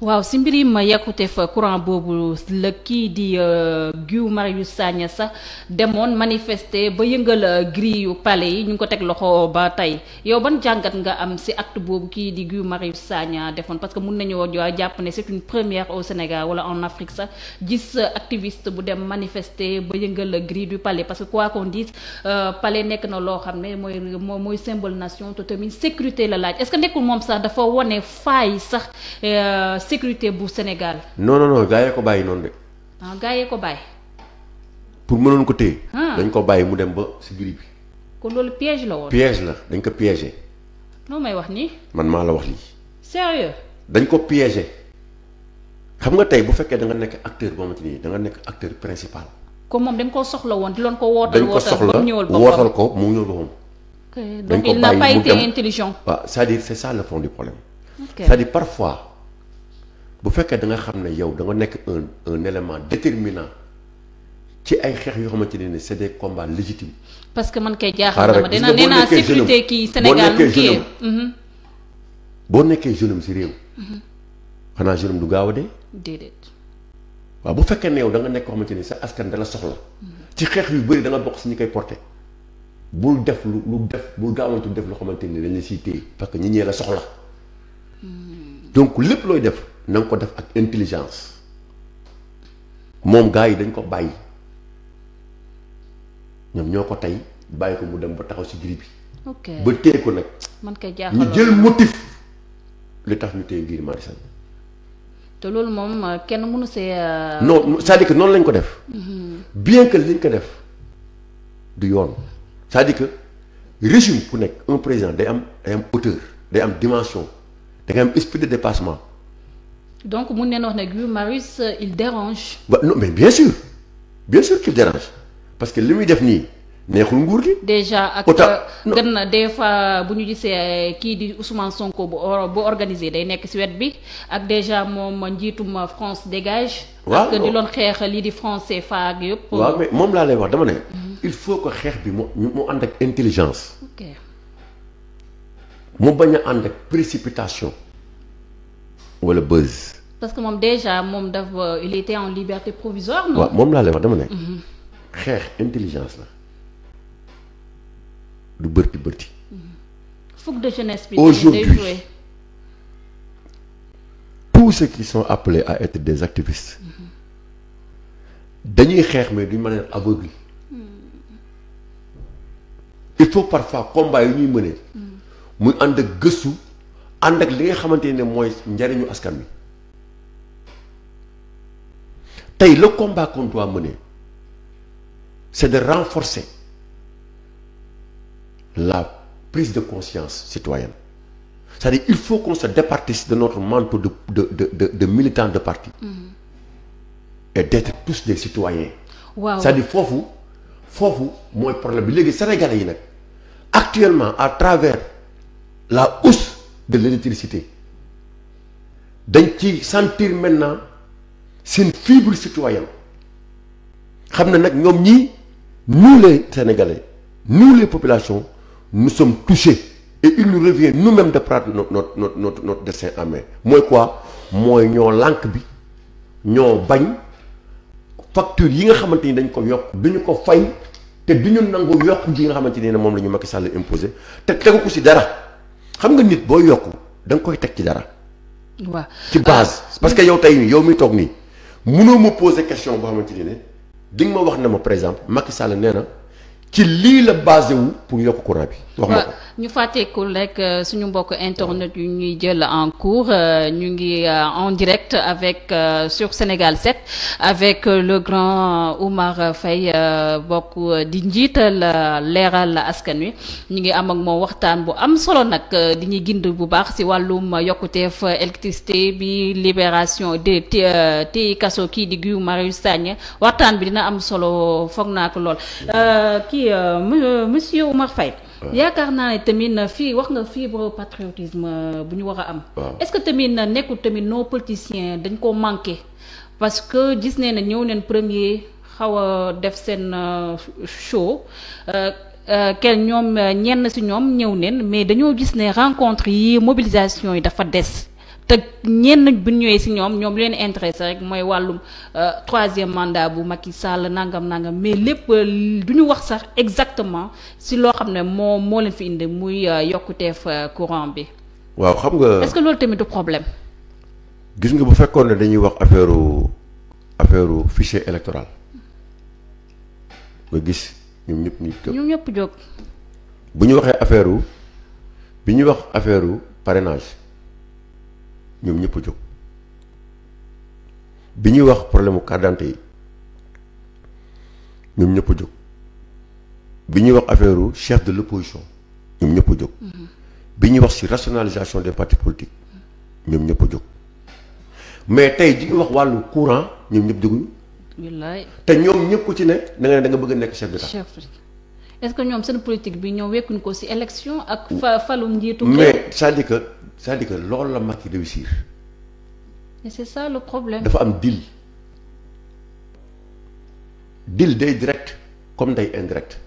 waaw si mbirim yàkkute fa courant boobu la kii di euh, Guy Marius Sagna sax demoon manifester ba yëngal euh, grille yu pale yi ñu ngi ko teg loxo ba tey yow ban jàngat nga am si acte boobu kii di Guy Marius Sagna defoon parce que mun nañoo jàpp ne c'est une première au Sénégal wala en Afrique sax gis euh, activiste bu dem manifester ba yëngal grille du pale parce que quoi qu'on dise pale nekk na loo xam ne mooy mooy symbole nation tamit sécurité la laaj est-ce que nekkul moom sax dafa wone faay sax. sécurité bu Sénégal. noonu non non gaa yee ko bàyyi noonu de. ah gaa yee ko bàyyi. pour mënoon ko téye. Ah. dañ ko bàyyi mu dem ba si biir bi. kon loolu piège la woon. piège la dañ ko piégé. noo may wax nii. man maa la wax lii. sérieux. dañ ko piégé. xam nga tey bu fekkee da nga nekk acteur boo xamante ni da nga nekk acteur principal. comme moom dañ ko soxla woon di loon ko wootal. wootal ba mu ñëwal boppam dañ ko soxla ko mu ñëwal boppam. donc il n'a pas été intelligent. waaw c'est-à-dire c'est ça le fond du problème. c'est-à-dire parfois. bu fekkee da nga xam ne yow da nekk un un élément déterminant ci ay xeex yoo xamante ne c'est des combats légitimes. parce que man kay jaaxal na ma dina nee naa sécurité kii Sénégal mhm. boo nekkee jeune am si réew. xanaa jeune du gaaw a dee. déedéet. bu fekkee ne yow da nga nekk koo xamante ni sa askan dala soxla. ci xeex yu bëri da nga bokk si ñu koy porté. bul def lu lu def bul gaawantu def loo xamante ni dañ la siy téye parce que ñi ñee la soxla. Mhm. donc lépp looy def na ko def ak intelligence moom gars yi dañ ko bàyyi ñoom ñoo ko tey bàyyi ko mu dem ba taxaw si giri bi. ba téye ko nag. man kay jaaxal ñu jël motif li tax ñu téye Guy Marius te loolu moom euh, kenn mënu see. Euh, non c'est-à-dire que noonu lañ ko def. Mhm. bien que liñ ko def du yoon c'est-à-dire que régime nekk un président day am day am hauteur day am dimension. da ngay am esprit de dépassement. donc mun nañu wax ne Guy Marius il dérange. ba non mais bien sûr bien sûr qu'il dérange parce que li muy def nii neexul nguur gi. déjà ak euh, gën na des fois bu ñu gisee euh, kii di Ousmane Sonko bu bu day nekk ci wet bi ak déjà moom njiitum France dégage. waaw loon xeex lii di français faag yëpp. moom laa lay wax dama ne. Mhm. il faut que xeex bi mu mu ànd ak intelligence. mu bañ a ànd ak précipitation wala buzz. parce que moom déjà moom dafa euh, il était en liberté provisoire. waaw moom laa lay wax ne. Mhm. xeex intelligence la du bërti bërti. Mhm. fougue de jeunesse bi. aujourd'hui tous ceux qui sont appelés à être des activistes. Mhm. dañuy xeex mais d'une manière aveugle. il faut parfois combat yu ñuy mënee. muy ànd ak gëstu ànd ak li nga xamante ne mooy njariñu askan wi tey le combat qu'on doit mener c'est de renforcer la prise de conscience citoyenne cest à il faut qu'on se départisse de notre manteau de de de de, de de parti mm tous des citoyens waaw cest foofu foofu mooy problème bi léegi sénégalais yi nag actuellement à travers la hausse de l'électricité dañ ci sentir maintenant seen fibre citoyenne xam na nag ñoom ñii nous les Sénégalais nous les populations nous sommes touchés et il nous revient nous-mêmes de prendre notre notre notre notre notre destin mooy quoi mooy ñoo lànk bi ñoo bañ facture yi nga xamante ni dañ ko yokk duñu ko fay te duñu nangu yokk ji nga xamante ni moom la ñu Macky Sall imposé te tegu ko ci dara. xam nga nit boo yokk da koy teg ci dara. waa ci baas ah, parce que yow tey yow mi toog nii munoo ma poser question boo xamante ni ne di ma wax na ma par exemple Macky Sall nee na ci lii la basé wu pour yokk courant bi. wax ma ko ñu fàtteekul rek euh, suñu mbokk internet yu ñuy jël en cours euh, ñu ngi euh, en direct avec sur Sénégal set avec le grand Oumar Faye bokk di njiital leeral askan wi ñu ngi am ak moom waxtaan bu am solo nag di ñuy gind bu baax ci wàllum yokkuteef électricité bi libération de téyi kaso kii di Guy Marius Sagna waxtaan bi dina am solo foog naa ko lool kii monsieur Oumar Faye yaakaar naa ne tamit fii wax nga fibre patriotisme euh, bu ñu war a am. est-ce que tamit nekkul tamit nos politiciens dañ koo manqué parce que gis nee na ñëw neen premier xaw a def seen euh, show. Euh, kenn ñoom ñenn si ñoom ñëw neen mais dañoo gis ne rencontre yi mobilisation yi dafa des. te ñenn bu ñëwee si ñoom ñoom leen intéressé rek mooy wàllum euh, troisième mandat bu mag yi Sall nangam nangam mais lépp euh, du ñu wax sax exactement si loo xam ne moo moo leen fi indi muy euh, yokkuteef courant bi. waaw xam nga est que loolu tamit du problème. gis nga bu fekkoon ne dañuy wax affaire affaire fichier électoral nga gis ñoom ñëpp ñu. jóg. bu ñu waxee affaire bi ñu wax affaire parrainage. ñoom ñëpp a jóg bi ñuy wax problème mu carte d'identité ñëpp jóg bi ñuy wax affaire u chef de l'opposition ñoom ñëpp a jóg mm-hmm. bi ñuy wax ci rationalisation de parti politiques ñoom ñëpp a jóg mais tey di ñu wax wàllu courant ñoom ñëpp jóguñu wallaay te ñoom ñëpp ku ci ne da ne da nga bëgg a nekk chef d'État est-ce que ñoom seen politique bi ñoom wekkuñ ko ci élection ak. fa falum njiitu mais cest à c'est-à-dire loolu la Macky réussir. et c'est ça le problème. dafa am deal deal day direct comme day indirect.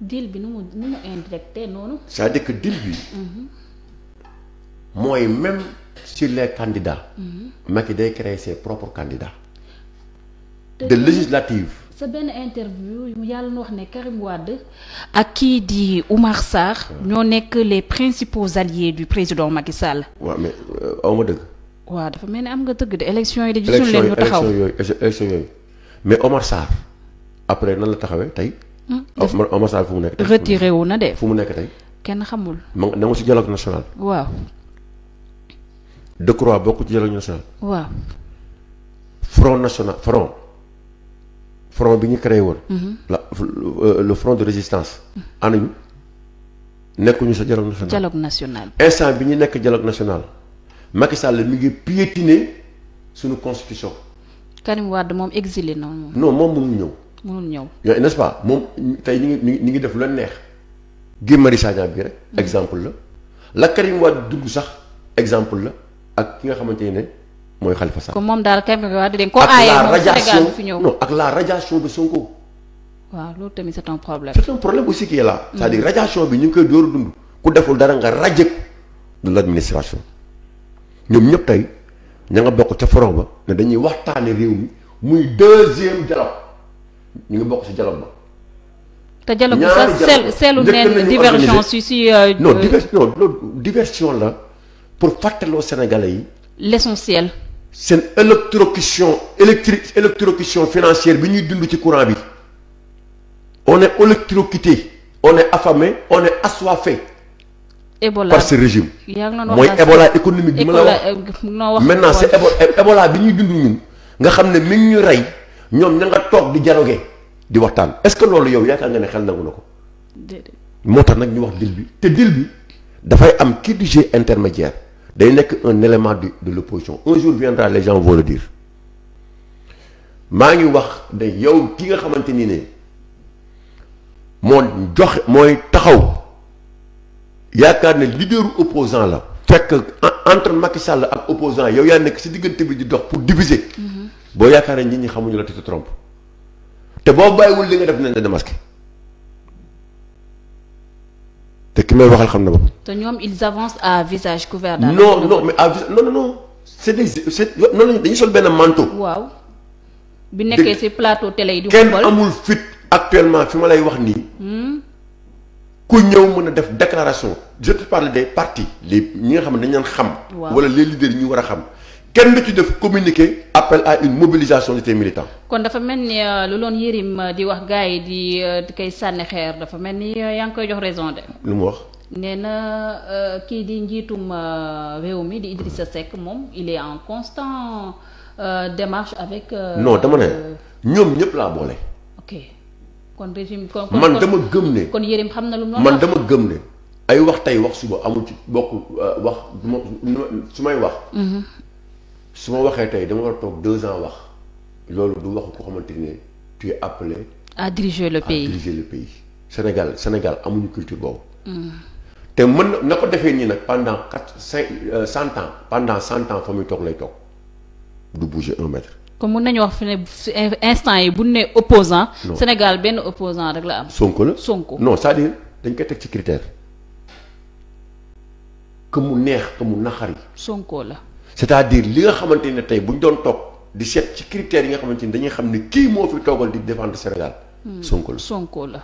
deal bi nu mu nu mu indirecté noonu. c'est-à-dire bi. mooy même sur les candidats. Mhm. Macky day créer ses propres candidats. de législative. sa benn interview mu yàlla na wax ne Karim Wade ak kii di Oumar Sarr ñoo nekk les principaux alliés du président Macky Sall. waaw mais euh, aw dëgg. waaw dafa mel ni am nga dëgg de élection yi de gisul leen ñu taxaw yooyu élection yooyu mais Omar Sarr après nan la taxawee tey. Hmm, Omar Sarr fu mu nekk tey na fu mu nekk tey. kenn xamul. ma nga ne ci dialogue national. waaw. Decroix bokk ci dialogue national. waaw. front national front. front bi ñu créé woon. Mhm. la euh, le front de résistance. Mhm. anañu nekkuñu sa dialogue national dialogue national. instant bi ñu nekk dialogue national Macky Sall mi ngi piétiner suñu constitution. Karim moom exilé na moom. non moom mënul ñëw. mënul ñëw yooyu pas moom tey ñu ngi ñu ngi def la neex. Guy Marius Sagna bi rek mhm. exemple la la Karim Wade dugg sax exemple la ak ki nga xamante ne. mooy Khalifa Sall. comme moom daal kay wax dégg ko aaye moom Sénégal fi ñëw non ak la radiation de Sonko. waaw loolu tamit c'est un problème. c'est un aussi qui est mm. bi ñu ngi koy ku deful dara nga radié ko de l'administration ñoom ñëpp bokk ca forom ba ne dañuy waxtaane réew mi muy deuxième ñu ngi bokk ci dialogue ba. te dialogue bi si si. Euh, non diversion la pour fàttaloo Sénégalais yi. l'essentiel. seen électrocution électrique électrocution financière bi ñuy dund ci courant bi on est électrocuté on est affamé on est assoiffé. Ebola par régime. mooy Ebola économique bi ma la euh, wax maintenant c'est Ebola bi ñuy dund ñun nga xam ne mi ñu rey ñoom ña nga toog di dialogué di waxtaan est-ce que loolu yow yaakaar nga ne xel nangu na ko. moo tax nag ñu wax dil bi te dil bi dafay am kii du jeu intermédiaire. day nekk un élément de de l'opposition un jour viendra les gens vont le dire maa ngi wax ne yow ki nga xamante ni ne moo joxe mooy taxaw yaakaar ne leaderu opposant la. fekk entre Macky Sall ak opposant yow yaa nekk si diggante bi di dox pour diviser. Mm-hmm. boo yaakaar nit ñi xamuñu la te te te boo bàyyiwul li nga def nañ la te ki may waxal xam na bopp. te ñoom ils avancent à visage couvert. daal non non mais à visage non non non c' est des c' est non non dañuy sol benn manteau. waaw bi nekkee ci plateau télé yi. di kenn amul fit actuellement fi ma lay wax nii. Hmm? ku ñëw mën a def déclaration je te parle des partis les ñi nga xam ne dañu leen xam. wala les leaders yi ñu war a xam. kenn du ci def communiqué appel à une mobilisation de tes militants. kon dafa mel ni euh, lu loon yërim euh, di wax gars yi euh, di koy sànni xeer dafa mel ni yaa ngi koy jox raison de. lu mu wax. nee na kii di njiitum réew mi di Idrissa Seck moom il est en constant démarche avec. non dama ne ñoom ñëpp laa boole. ok kon régime. kon man dama gëm ne. kon Yérim xam na lu mu man dama gëm ne. ay wax tey wax suba amul ci bokk wax su may wax. Mhm. su ma waxee tey dama war a toog deux ans wax loolu du wax ko xamante ne tu es appelé. à diriger le pays à diriger le Sénégal Sénégal amuñu culture boobu. Mm. te mën na ko defee nii nag pendant quatre cinq euh, cent ans pendant cent ans fa muy toog lay toog du bouger un mètre. comme mun nañu wax fi ne instant yi bu ne opposant Sénégal benn opposant rek la am. Sonko la Sonko non cest à dañ koy teg ci critère. que mu neex que mu naxari. Sonko la. c'est-à-dire li nga xamante ne tey bu ñu doon toog di seet ci critères yi nga xamante ni dañuy xam ne kii moo fi toogal di défendre Sénégal. Sonko hmm. Sonko la.